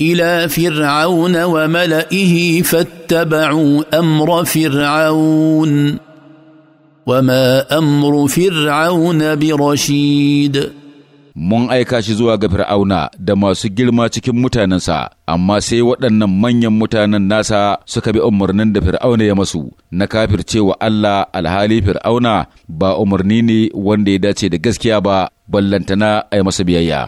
الى فرعون وملئه فاتبعوا امر فرعون وما امر فرعون برشيد mun aika shi zuwa ga fir'auna da masu girma cikin mutanensa amma sai waɗannan manyan mutanen nasa suka bi umarnin da fir'auna ya masu na kafircewa Allah alhali fir'auna ba umarni ne wanda ya dace da gaskiya ba ballantana a masa biyayya